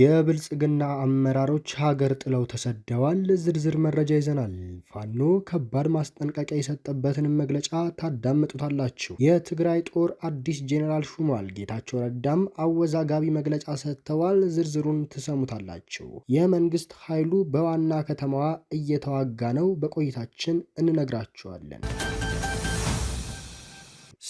የብልጽግና አመራሮች ሀገር ጥለው ተሰደዋል። ዝርዝር መረጃ ይዘናል። ፋኖ ከባድ ማስጠንቀቂያ የሰጠበትንም መግለጫ ታዳምጡታላችሁ። የትግራይ ጦር አዲስ ጄኔራል ሹሟል። ጌታቸው ረዳም አወዛጋቢ መግለጫ ሰጥተዋል። ዝርዝሩን ትሰሙታላችሁ። የመንግስት ኃይሉ በዋና ከተማዋ እየተዋጋ ነው። በቆይታችን እንነግራችኋለን።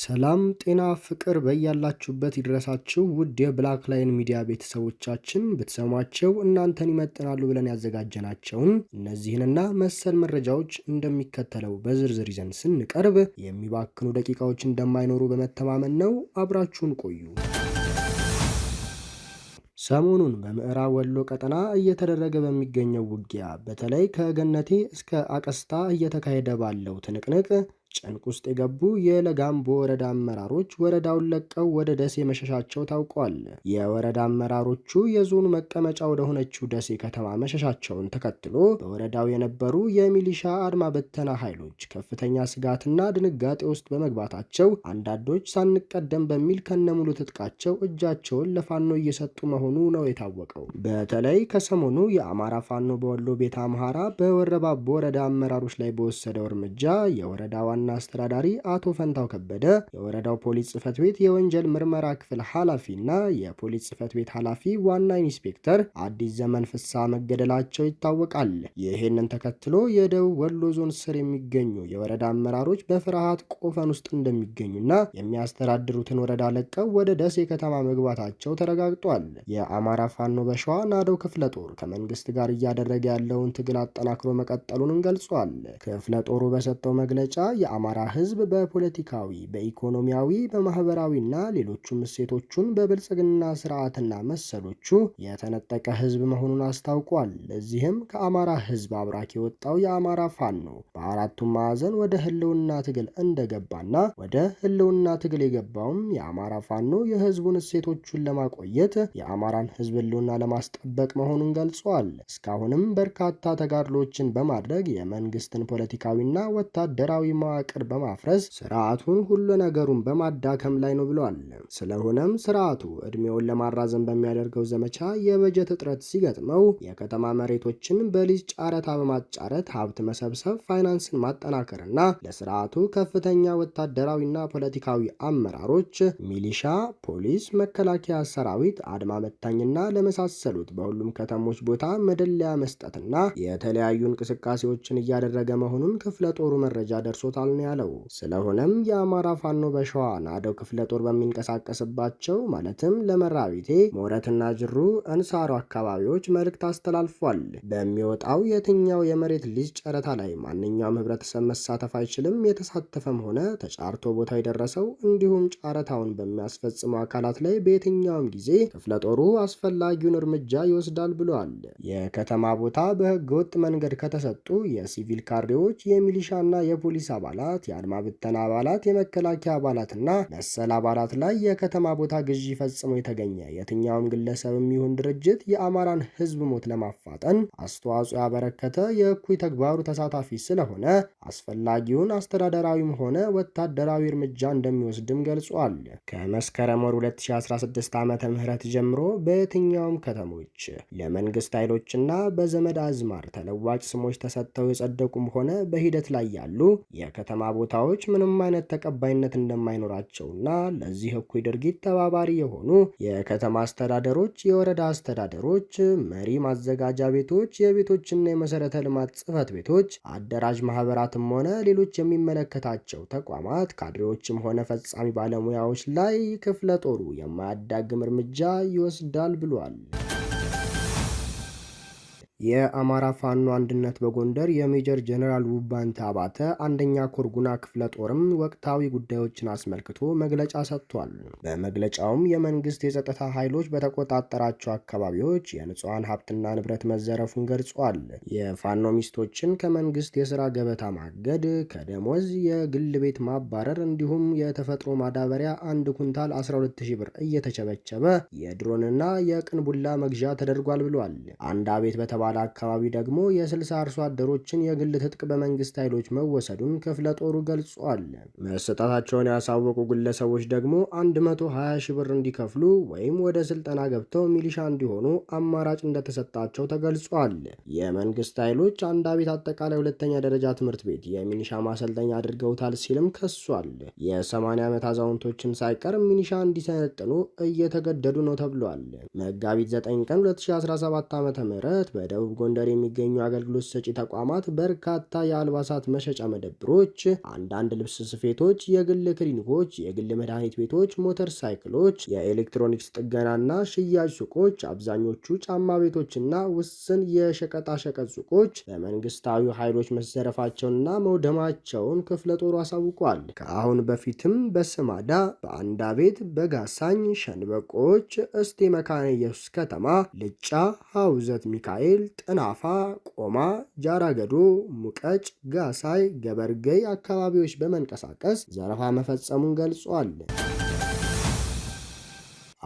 ሰላም ጤና ፍቅር በያላችሁበት ይድረሳችሁ። ውድ የብላክ ላይን ሚዲያ ቤተሰቦቻችን ብትሰሟቸው እናንተን ይመጥናሉ ብለን ያዘጋጀናቸውን እነዚህንና መሰል መረጃዎች እንደሚከተለው በዝርዝር ይዘን ስንቀርብ የሚባክኑ ደቂቃዎች እንደማይኖሩ በመተማመን ነው። አብራችሁን ቆዩ። ሰሞኑን በምዕራብ ወሎ ቀጠና እየተደረገ በሚገኘው ውጊያ በተለይ ከገነቴ እስከ አቀስታ እየተካሄደ ባለው ትንቅንቅ ጭንቅ ውስጥ የገቡ የለጋምቦ ወረዳ አመራሮች ወረዳውን ለቀው ወደ ደሴ መሸሻቸው ታውቋል። የወረዳ አመራሮቹ የዞኑ መቀመጫ ወደሆነችው ደሴ ከተማ መሸሻቸውን ተከትሎ በወረዳው የነበሩ የሚሊሻ አድማ በተና ኃይሎች ከፍተኛ ስጋትና ድንጋጤ ውስጥ በመግባታቸው አንዳንዶች ሳንቀደም በሚል ከነሙሉ ትጥቃቸው እጃቸውን ለፋኖ እየሰጡ መሆኑ ነው የታወቀው። በተለይ ከሰሞኑ የአማራ ፋኖ በወሎ ቤተ አምሃራ በወረባቦ ወረዳ አመራሮች ላይ በወሰደው እርምጃ የወረዳ ዋና አስተዳዳሪ አቶ ፈንታው ከበደ፣ የወረዳው ፖሊስ ጽፈት ቤት የወንጀል ምርመራ ክፍል ኃላፊና የፖሊስ ጽፈት ቤት ኃላፊ ዋና ኢንስፔክተር አዲስ ዘመን ፍሳ መገደላቸው ይታወቃል። ይህንን ተከትሎ የደቡብ ወሎ ዞን ስር የሚገኙ የወረዳ አመራሮች በፍርሃት ቆፈን ውስጥ እንደሚገኙና የሚያስተዳድሩትን ወረዳ ለቀው ወደ ደሴ ከተማ መግባታቸው ተረጋግጧል። የአማራ ፋኖ በሸዋ ናደው ክፍለ ጦር ከመንግስት ጋር እያደረገ ያለውን ትግል አጠናክሮ መቀጠሉንም ገልጿል። ክፍለ ጦሩ በሰጠው መግለጫ የአማራ ህዝብ በፖለቲካዊ፣ በኢኮኖሚያዊ፣ በማህበራዊና ሌሎቹም እሴቶቹን በብልጽግና ስርዓትና መሰሎቹ የተነጠቀ ህዝብ መሆኑን አስታውቋል። ለዚህም ከአማራ ህዝብ አብራክ የወጣው የአማራ ፋኖ በአራቱም ማዕዘን ወደ ህልውና ትግል እንደገባና ወደ ህልውና ትግል የገባውም የአማራ ፋኖ የህዝቡን እሴቶቹን ለማቆየት የአማራን ህዝብ ህልውና ለማስጠበቅ መሆኑን ገልጿል። እስካሁንም በርካታ ተጋድሎችን በማድረግ የመንግስትን ፖለቲካዊና ወታደራዊ ማ መዋቅር በማፍረስ ስርዓቱን ሁሉ ነገሩን በማዳከም ላይ ነው ብለዋል። ስለሆነም ስርዓቱ እድሜውን ለማራዘም በሚያደርገው ዘመቻ የበጀት እጥረት ሲገጥመው የከተማ መሬቶችን በሊዝ ጨረታ በማጫረት ሀብት መሰብሰብ፣ ፋይናንስን ማጠናከርና ለስርዓቱ ከፍተኛ ወታደራዊና ፖለቲካዊ አመራሮች ሚሊሻ፣ ፖሊስ፣ መከላከያ ሰራዊት፣ አድማ መታኝና ለመሳሰሉት በሁሉም ከተሞች ቦታ መደለያ መስጠትና የተለያዩ እንቅስቃሴዎችን እያደረገ መሆኑን ክፍለ ጦሩ መረጃ ደርሶታል ተጠቅሷል ነው ያለው። ስለሆነም የአማራ ፋኖ በሸዋ ናደው ክፍለ ጦር በሚንቀሳቀስባቸው ማለትም ለመራቢቴ ሞረትና ጅሩ እንሳሮ አካባቢዎች መልእክት አስተላልፏል። በሚወጣው የትኛው የመሬት ሊዝ ጨረታ ላይ ማንኛውም ህብረተሰብ መሳተፍ አይችልም። የተሳተፈም ሆነ ተጫርቶ ቦታ የደረሰው እንዲሁም ጨረታውን በሚያስፈጽሙ አካላት ላይ በየትኛውም ጊዜ ክፍለ ጦሩ አስፈላጊውን እርምጃ ይወስዳል ብሏል። የከተማ ቦታ በህገወጥ መንገድ ከተሰጡ የሲቪል ካሬዎች የሚሊሻና የፖሊስ አባል አባላት፣ የአድማ ብተና አባላት፣ የመከላከያ አባላትና መሰል አባላት ላይ የከተማ ቦታ ግዢ ፈጽሞ የተገኘ የትኛውም ግለሰብ የሚሆን ድርጅት የአማራን ህዝብ ሞት ለማፋጠን አስተዋጽኦ ያበረከተ የእኩይ ተግባሩ ተሳታፊ ስለሆነ አስፈላጊውን አስተዳደራዊም ሆነ ወታደራዊ እርምጃ እንደሚወስድም ገልጿል። ከመስከረም ወር 2016 ዓ ም ጀምሮ በየትኛውም ከተሞች ለመንግስት ኃይሎችና በዘመድ አዝማር ተለዋጭ ስሞች ተሰጥተው የጸደቁም ሆነ በሂደት ላይ ያሉ የከተማ ቦታዎች ምንም አይነት ተቀባይነት እንደማይኖራቸውና ለዚህ እኩይ ድርጊት ተባባሪ የሆኑ የከተማ አስተዳደሮች፣ የወረዳ አስተዳደሮች፣ መሪ ማዘጋጃ ቤቶች፣ የቤቶችና የመሰረተ ልማት ጽህፈት ቤቶች፣ አደራጅ ማህበራትም ሆነ ሌሎች የሚመለከታቸው ተቋማት ካድሬዎችም ሆነ ፈጻሚ ባለሙያዎች ላይ ክፍለ ጦሩ የማያዳግም እርምጃ ይወስዳል ብሏል። የአማራ ፋኖ አንድነት በጎንደር የሜጀር ጀነራል ውባንተ አባተ አንደኛ ኮርጉና ክፍለ ጦርም ወቅታዊ ጉዳዮችን አስመልክቶ መግለጫ ሰጥቷል። በመግለጫውም የመንግስት የጸጥታ ኃይሎች በተቆጣጠራቸው አካባቢዎች የንጹሐን ሀብትና ንብረት መዘረፉን ገልጿል። የፋኖ ሚስቶችን ከመንግስት የስራ ገበታ ማገድ፣ ከደሞዝ የግል ቤት ማባረር እንዲሁም የተፈጥሮ ማዳበሪያ አንድ ኩንታል 120 ብር እየተቸበቸበ የድሮንና የቅንቡላ መግዣ ተደርጓል ብሏል። አንድ አቤት በተባ በኋላ አካባቢ ደግሞ የ60 አርሶ አደሮችን የግል ትጥቅ በመንግስት ኃይሎች መወሰዱን ክፍለ ጦሩ ገልጿል። መሰጣታቸውን ያሳወቁ ግለሰቦች ደግሞ 120 ሺህ ብር እንዲከፍሉ ወይም ወደ ስልጠና ገብተው ሚሊሻ እንዲሆኑ አማራጭ እንደተሰጣቸው ተገልጿል። የመንግስት ኃይሎች አንዳቤት አጠቃላይ ሁለተኛ ደረጃ ትምህርት ቤት የሚኒሻ ማሰልጠኛ አድርገውታል ሲልም ከሷል። የ80 ዓመት አዛውንቶችን ሳይቀር ሚኒሻ እንዲሰለጥኑ እየተገደዱ ነው ተብሏል። መጋቢት 9 ቀን 2017 ዓ ም በደቡብ ጎንደር የሚገኙ አገልግሎት ሰጪ ተቋማት በርካታ የአልባሳት መሸጫ መደብሮች፣ አንዳንድ ልብስ ስፌቶች፣ የግል ክሊኒኮች፣ የግል መድኃኒት ቤቶች፣ ሞተር ሳይክሎች፣ የኤሌክትሮኒክስ ጥገናና ሽያጭ ሱቆች፣ አብዛኞቹ ጫማ ቤቶችና ውስን የሸቀጣሸቀጥ ሱቆች በመንግስታዊ ኃይሎች መዘረፋቸውንና መውደማቸውን ክፍለ ጦሩ አሳውቋል። ከአሁን በፊትም በስማዳ በአንዳ ቤት በጋሳኝ ሸንበቆዎች፣ እስቴ መካነ ኢየሱስ ከተማ፣ ልጫ፣ ሀውዘት ሚካኤል፣ ጥናፋ ቆማ፣ ጃራገዶ፣ ሙቀጭ፣ ጋሳይ፣ ገበርገይ አካባቢዎች በመንቀሳቀስ ዘረፋ መፈጸሙን ገልጿል።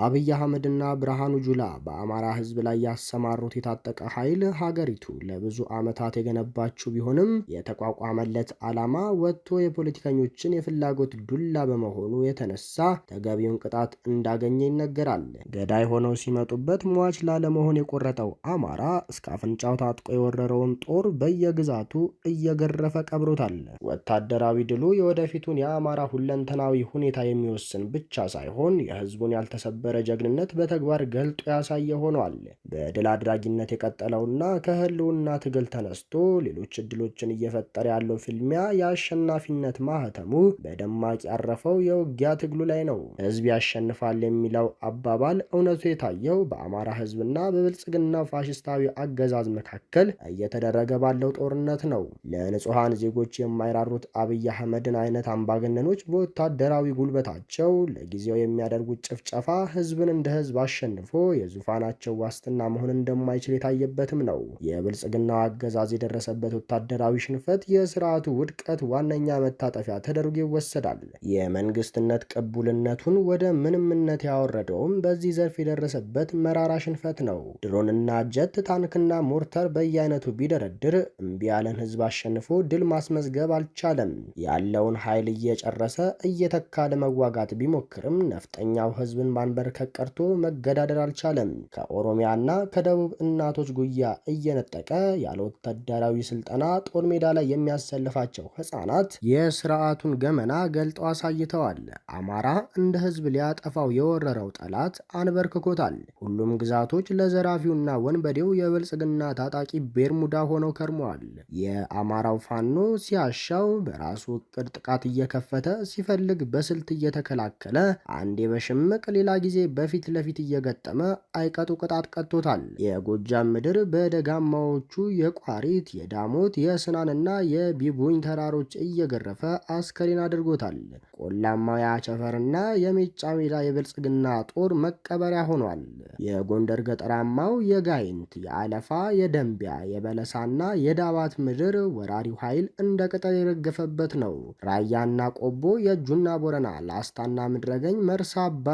አብይ አህመድና ብርሃኑ ጁላ በአማራ ህዝብ ላይ ያሰማሩት የታጠቀ ኃይል ሀገሪቱ ለብዙ ዓመታት የገነባችው ቢሆንም የተቋቋመለት ዓላማ ወጥቶ የፖለቲከኞችን የፍላጎት ዱላ በመሆኑ የተነሳ ተገቢውን ቅጣት እንዳገኘ ይነገራል። ገዳይ ሆነው ሲመጡበት ሟች ላለመሆን የቆረጠው አማራ እስከ አፍንጫው ታጥቆ የወረረውን ጦር በየግዛቱ እየገረፈ ቀብሮታል። ወታደራዊ ድሉ የወደፊቱን የአማራ ሁለንተናዊ ሁኔታ የሚወስን ብቻ ሳይሆን የህዝቡን ያልተሰ የነበረ ጀግንነት በተግባር ገልጦ ያሳየ ሆኗል። በድል አድራጊነት የቀጠለውና ከህልውና ትግል ተነስቶ ሌሎች እድሎችን እየፈጠረ ያለው ፍልሚያ የአሸናፊነት ማህተሙ በደማቅ ያረፈው የውጊያ ትግሉ ላይ ነው። ህዝብ ያሸንፋል የሚለው አባባል እውነቱ የታየው በአማራ ህዝብና በብልጽግና ፋሽስታዊ አገዛዝ መካከል እየተደረገ ባለው ጦርነት ነው። ለንጹሐን ዜጎች የማይራሩት አብይ አህመድን አይነት አምባገነኖች በወታደራዊ ጉልበታቸው ለጊዜው የሚያደርጉት ጭፍጨፋ ህዝብን እንደ ህዝብ አሸንፎ የዙፋናቸው ዋስትና መሆን እንደማይችል የታየበትም ነው። የብልጽግናው አገዛዝ የደረሰበት ወታደራዊ ሽንፈት የስርዓቱ ውድቀት ዋነኛ መታጠፊያ ተደርጎ ይወሰዳል። የመንግስትነት ቅቡልነቱን ወደ ምንምነት ያወረደውም በዚህ ዘርፍ የደረሰበት መራራ ሽንፈት ነው። ድሮንና ጀት፣ ታንክና ሞርተር በየአይነቱ ቢደረድር እምቢ ያለን ህዝብ አሸንፎ ድል ማስመዝገብ አልቻለም። ያለውን ኃይል እየጨረሰ እየተካ ለመዋጋት ቢሞክርም ነፍጠኛው ህዝብን ማንበ ማንበርከክ ቀርቶ መገዳደር አልቻለም። ከኦሮሚያና ከደቡብ እናቶች ጉያ እየነጠቀ ያለ ወታደራዊ ስልጠና ጦር ሜዳ ላይ የሚያሰልፋቸው ህጻናት የስርዓቱን ገመና ገልጠው አሳይተዋል። አማራ እንደ ህዝብ ሊያጠፋው የወረረው ጠላት አንበርክኮታል። ሁሉም ግዛቶች ለዘራፊውና ወንበዴው የብልጽግና ታጣቂ ቤርሙዳ ሆነው ከርመዋል። የአማራው ፋኖ ሲያሻው በራሱ እቅድ ጥቃት እየከፈተ ሲፈልግ በስልት እየተከላከለ አንዴ በሽምቅ ሌላ ጊዜ ጊዜ በፊት ለፊት እየገጠመ አይቀጡ ቅጣት ቀጥቶታል። የጎጃም ምድር በደጋማዎቹ የቋሪት፣ የዳሞት፣ የስናንና የቢቡኝ ተራሮች እየገረፈ አስከሬን አድርጎታል። ቆላማው የአቸፈርና የሜጫ ሜዳ የብልጽግና ጦር መቀበሪያ ሆኗል። የጎንደር ገጠራማው የጋይንት፣ የአለፋ፣ የደንቢያ፣ የበለሳና የዳባት ምድር ወራሪው ኃይል እንደ ቅጠል የረገፈበት ነው። ራያና ቆቦ፣ የእጁና ቦረና፣ ላስታና ምድረገኝ፣ መርሳ አባ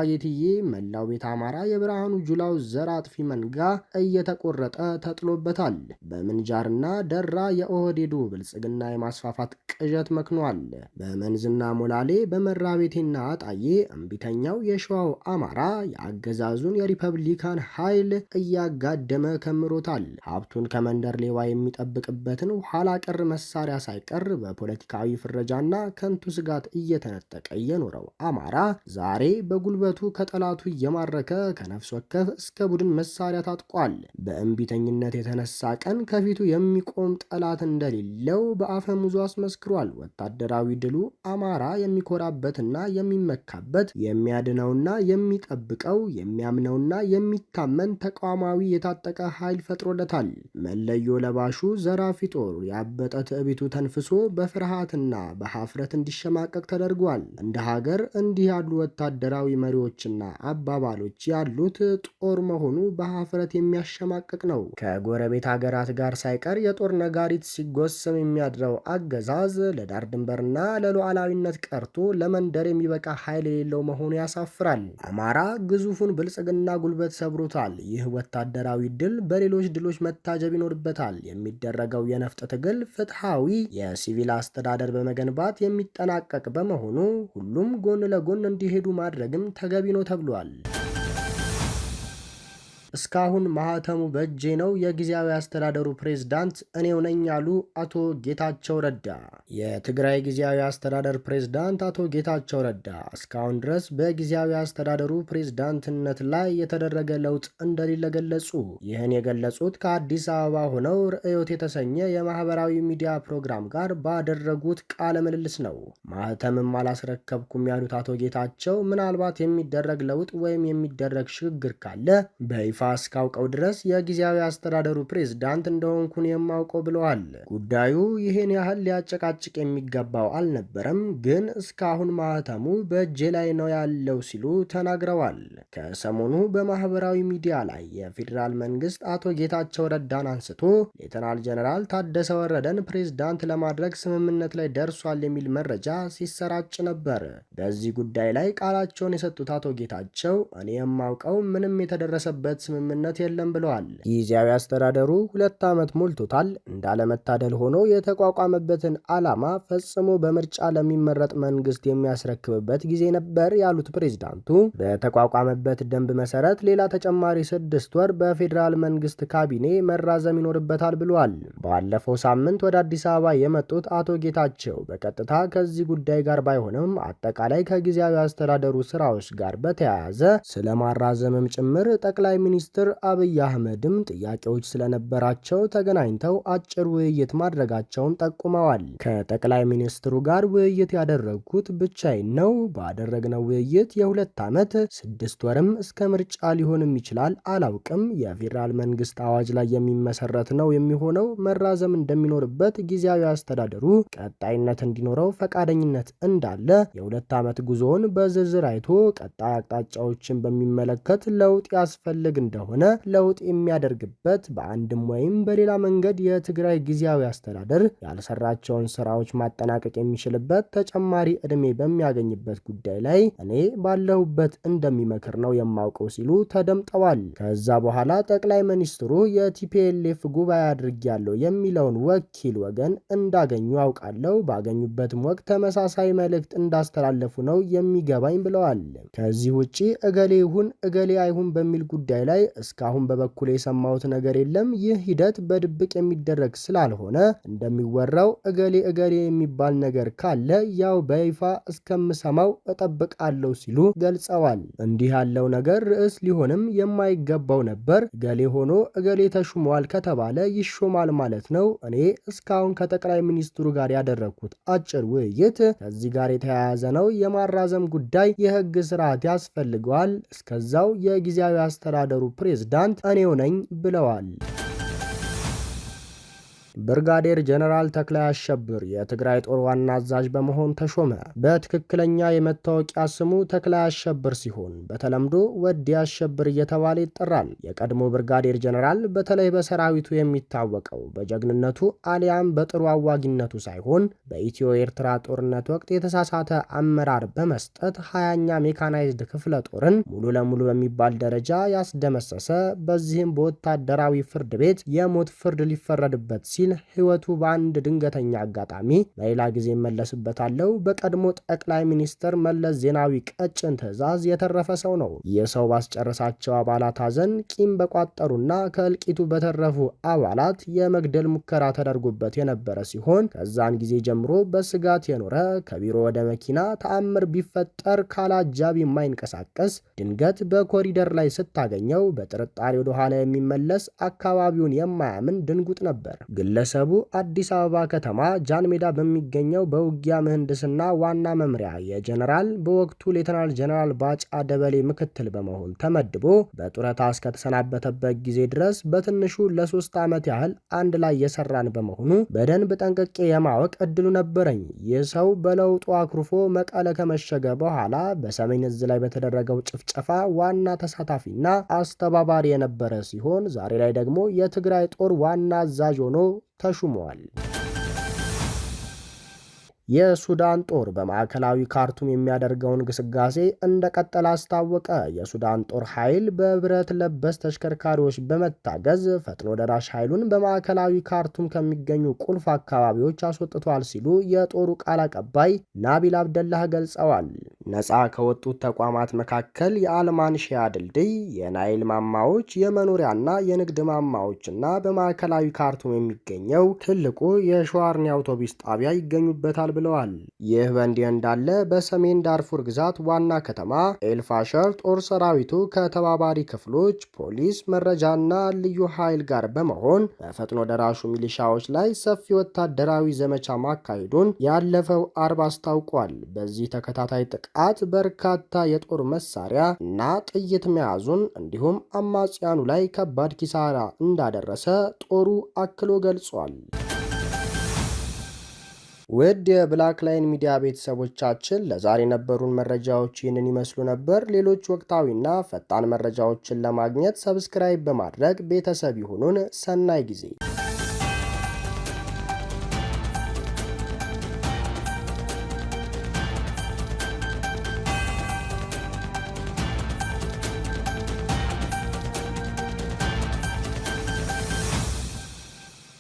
መላው ቤት አማራ የብርሃኑ ጁላው ዘር አጥፊ መንጋ እየተቆረጠ ተጥሎበታል። በምንጃርና ደራ የኦህዴዱ ብልጽግና የማስፋፋት ቅዠት መክኗል። በመንዝና ሞላሌ ቤቴና አጣዬ እምቢተኛው የሸዋው አማራ የአገዛዙን የሪፐብሊካን ኃይል እያጋደመ ከምሮታል። ሀብቱን ከመንደር ሌባ የሚጠብቅበትን ኋላ ቀር መሳሪያ ሳይቀር በፖለቲካዊ ፍረጃና ከንቱ ስጋት እየተነጠቀ የኖረው አማራ ዛሬ በጉልበቱ ከጠላቱ እየማረከ ከነፍስ ወከፍ እስከ ቡድን መሳሪያ ታጥቋል። በእምቢተኝነት የተነሳ ቀን ከፊቱ የሚቆም ጠላት እንደሌለው ሙዞ አስመስክሯል። ወታደራዊ ድሉ አማራ የሚኮራ የሚኮራበትና የሚመካበት የሚያድነውና የሚጠብቀው የሚያምነውና የሚታመን ተቋማዊ የታጠቀ ኃይል ፈጥሮለታል። መለዮ ለባሹ ዘራፊ ጦር ያበጠ ትዕቢቱ ተንፍሶ በፍርሃትና በሀፍረት እንዲሸማቀቅ ተደርጓል። እንደ ሀገር እንዲህ ያሉ ወታደራዊ መሪዎችና አባባሎች ያሉት ጦር መሆኑ በሀፍረት የሚያሸማቅቅ ነው። ከጎረቤት ሀገራት ጋር ሳይቀር የጦር ነጋሪት ሲጎሰም የሚያድረው አገዛዝ ለዳር ድንበርና ለሉዓላዊነት ቀርቶ ለመንደር የሚበቃ ኃይል የሌለው መሆኑ ያሳፍራል። አማራ ግዙፉን ብልጽግና ጉልበት ሰብሮታል። ይህ ወታደራዊ ድል በሌሎች ድሎች መታጀብ ይኖርበታል። የሚደረገው የነፍጥ ትግል ፍትሐዊ የሲቪል አስተዳደር በመገንባት የሚጠናቀቅ በመሆኑ ሁሉም ጎን ለጎን እንዲሄዱ ማድረግም ተገቢ ነው ተብሏል። እስካሁን ማህተሙ በእጄ ነው። የጊዜያዊ አስተዳደሩ ፕሬዝዳንት እኔው ነኝ ያሉ አቶ ጌታቸው ረዳ። የትግራይ ጊዜያዊ አስተዳደር ፕሬዝዳንት አቶ ጌታቸው ረዳ እስካሁን ድረስ በጊዜያዊ አስተዳደሩ ፕሬዝዳንትነት ላይ የተደረገ ለውጥ እንደሌለ ገለጹ። ይህን የገለጹት ከአዲስ አበባ ሆነው ርዕዮት የተሰኘ የማህበራዊ ሚዲያ ፕሮግራም ጋር ባደረጉት ቃለ ምልልስ ነው። ማህተምም አላስረከብኩም ያሉት አቶ ጌታቸው ምናልባት የሚደረግ ለውጥ ወይም የሚደረግ ሽግግር ካለ በይፋ ይፋ እስካውቀው ድረስ የጊዜያዊ አስተዳደሩ ፕሬዝዳንት እንደሆንኩን የማውቀው ብለዋል። ጉዳዩ ይህን ያህል ሊያጨቃጭቅ የሚገባው አልነበረም፣ ግን እስካሁን ማህተሙ በእጄ ላይ ነው ያለው ሲሉ ተናግረዋል። ከሰሞኑ በማህበራዊ ሚዲያ ላይ የፌዴራል መንግስት አቶ ጌታቸው ረዳን አንስቶ ሌተናል ጀነራል ታደሰ ወረደን ፕሬዝዳንት ለማድረግ ስምምነት ላይ ደርሷል የሚል መረጃ ሲሰራጭ ነበር። በዚህ ጉዳይ ላይ ቃላቸውን የሰጡት አቶ ጌታቸው እኔ የማውቀው ምንም የተደረሰበት ስምምነት የለም ብለዋል። ጊዜያዊ አስተዳደሩ ሁለት ዓመት ሞልቶታል። እንዳለመታደል ሆኖ የተቋቋመበትን ዓላማ ፈጽሞ በምርጫ ለሚመረጥ መንግስት የሚያስረክብበት ጊዜ ነበር ያሉት ፕሬዚዳንቱ በተቋቋመበት ደንብ መሰረት ሌላ ተጨማሪ ስድስት ወር በፌዴራል መንግስት ካቢኔ መራዘም ይኖርበታል ብለዋል። ባለፈው ሳምንት ወደ አዲስ አበባ የመጡት አቶ ጌታቸው በቀጥታ ከዚህ ጉዳይ ጋር ባይሆንም አጠቃላይ ከጊዜያዊ አስተዳደሩ ስራዎች ጋር በተያያዘ ስለማራዘምም ጭምር ጠቅላይ ሚኒ ሚኒስትር አብይ አህመድም ጥያቄዎች ስለነበራቸው ተገናኝተው አጭር ውይይት ማድረጋቸውን ጠቁመዋል። ከጠቅላይ ሚኒስትሩ ጋር ውይይት ያደረግኩት ብቻዬን ነው። ባደረግነው ውይይት የሁለት ዓመት ስድስት ወርም እስከ ምርጫ ሊሆንም ይችላል አላውቅም፣ የፌዴራል መንግስት አዋጅ ላይ የሚመሰረት ነው የሚሆነው። መራዘም እንደሚኖርበት ጊዜያዊ አስተዳደሩ ቀጣይነት እንዲኖረው ፈቃደኝነት እንዳለ የሁለት ዓመት ጉዞውን በዝርዝር አይቶ ቀጣይ አቅጣጫዎችን በሚመለከት ለውጥ ያስፈልግ እንደሆነ ለውጥ የሚያደርግበት በአንድም ወይም በሌላ መንገድ የትግራይ ጊዜያዊ አስተዳደር ያልሰራቸውን ስራዎች ማጠናቀቅ የሚችልበት ተጨማሪ ዕድሜ በሚያገኝበት ጉዳይ ላይ እኔ ባለሁበት እንደሚመክር ነው የማውቀው ሲሉ ተደምጠዋል። ከዛ በኋላ ጠቅላይ ሚኒስትሩ የቲፒኤልኤፍ ጉባኤ አድርጌያለሁ የሚለውን ወኪል ወገን እንዳገኙ አውቃለሁ። ባገኙበትም ወቅት ተመሳሳይ መልእክት እንዳስተላለፉ ነው የሚገባኝ ብለዋል። ከዚህ ውጪ እገሌ ይሁን እገሌ አይሁን በሚል ጉዳይ ላይ ላይ እስካሁን በበኩል የሰማሁት ነገር የለም። ይህ ሂደት በድብቅ የሚደረግ ስላልሆነ እንደሚወራው እገሌ እገሌ የሚባል ነገር ካለ ያው በይፋ እስከምሰማው እጠብቃለሁ ሲሉ ገልጸዋል። እንዲህ ያለው ነገር ርዕስ ሊሆንም የማይገባው ነበር። እገሌ ሆኖ እገሌ ተሹሟል ከተባለ ይሾማል ማለት ነው። እኔ እስካሁን ከጠቅላይ ሚኒስትሩ ጋር ያደረግኩት አጭር ውይይት ከዚህ ጋር የተያያዘ ነው። የማራዘም ጉዳይ የህግ ስርዓት ያስፈልገዋል። እስከዛው የጊዜያዊ አስተዳደሩ ፕሬዝዳንት እኔው ነኝ ብለዋል። ብርጋዴር ጀነራል ተክለ አሸብር የትግራይ ጦር ዋና አዛዥ በመሆን ተሾመ። በትክክለኛ የመታወቂያ ስሙ ተክላ አሸብር ሲሆን በተለምዶ ወዲ አሸብር እየተባለ ይጠራል። የቀድሞ ብርጋዴር ጀነራል በተለይ በሰራዊቱ የሚታወቀው በጀግንነቱ አሊያም በጥሩ አዋጊነቱ ሳይሆን በኢትዮ ኤርትራ ጦርነት ወቅት የተሳሳተ አመራር በመስጠት ሀያኛ ሜካናይዝድ ክፍለ ጦርን ሙሉ ለሙሉ በሚባል ደረጃ ያስደመሰሰ በዚህም በወታደራዊ ፍርድ ቤት የሞት ፍርድ ሊፈረድበት ሲል ሲል ህይወቱ በአንድ ድንገተኛ አጋጣሚ በሌላ ጊዜ እመለስበታለሁ በቀድሞ ጠቅላይ ሚኒስትር መለስ ዜናዊ ቀጭን ትዕዛዝ የተረፈ ሰው ነው። ይህ ሰው ባስጨረሳቸው አባላት ሐዘን ቂም በቋጠሩና ከእልቂቱ በተረፉ አባላት የመግደል ሙከራ ተደርጎበት የነበረ ሲሆን ከዛን ጊዜ ጀምሮ በስጋት የኖረ ከቢሮ ወደ መኪና ተአምር ቢፈጠር ካላጃቢ የማይንቀሳቀስ ድንገት በኮሪደር ላይ ስታገኘው በጥርጣሬ ወደኋላ የሚመለስ አካባቢውን የማያምን ድንጉጥ ነበር። ግለ ግለሰቡ አዲስ አበባ ከተማ ጃን ሜዳ በሚገኘው በውጊያ ምህንድስና ዋና መምሪያ የጀነራል በወቅቱ ሌተናል ጀነራል ባጫ ደበሌ ምክትል በመሆን ተመድቦ በጡረታ እስከተሰናበተበት ጊዜ ድረስ በትንሹ ለሶስት ዓመት ያህል አንድ ላይ የሰራን በመሆኑ በደንብ ጠንቅቄ የማወቅ እድሉ ነበረኝ። ይህ ሰው በለውጡ አኩርፎ መቀለ ከመሸገ በኋላ በሰሜን እዝ ላይ በተደረገው ጭፍጨፋ ዋና ተሳታፊና አስተባባሪ የነበረ ሲሆን ዛሬ ላይ ደግሞ የትግራይ ጦር ዋና አዛዥ ሆኖ ተሹመዋል። የሱዳን ጦር በማዕከላዊ ካርቱም የሚያደርገውን ግስጋሴ እንደቀጠለ አስታወቀ። የሱዳን ጦር ኃይል በብረት ለበስ ተሽከርካሪዎች በመታገዝ ፈጥኖ ደራሽ ኃይሉን በማዕከላዊ ካርቱም ከሚገኙ ቁልፍ አካባቢዎች አስወጥቷል ሲሉ የጦሩ ቃል አቀባይ ናቢል አብደላህ ገልጸዋል። ነፃ ከወጡት ተቋማት መካከል የአልማንሺያ ድልድይ፣ የናይል ማማዎች፣ የመኖሪያና የንግድ ማማዎችና በማዕከላዊ ካርቱም የሚገኘው ትልቁ የሸዋርኒ አውቶቡስ ጣቢያ ይገኙበታል ብለዋል። ይህ በእንዲህ እንዳለ በሰሜን ዳርፉር ግዛት ዋና ከተማ ኤልፋሸር ጦር ሰራዊቱ ከተባባሪ ክፍሎች ፖሊስ፣ መረጃና ልዩ ኃይል ጋር በመሆን በፈጥኖ ደራሹ ሚሊሻዎች ላይ ሰፊ ወታደራዊ ዘመቻ ማካሄዱን ያለፈው አርብ አስታውቋል። በዚህ ተከታታይ ጥቃት በርካታ የጦር መሳሪያ እና ጥይት መያዙን እንዲሁም አማጽያኑ ላይ ከባድ ኪሳራ እንዳደረሰ ጦሩ አክሎ ገልጿል። ውድ የብላክ ላይን ሚዲያ ቤተሰቦቻችን ለዛሬ የነበሩን መረጃዎች ይህንን ይመስሉ ነበር። ሌሎች ወቅታዊና ፈጣን መረጃዎችን ለማግኘት ሰብስክራይብ በማድረግ ቤተሰብ ይሁኑን። ሰናይ ጊዜ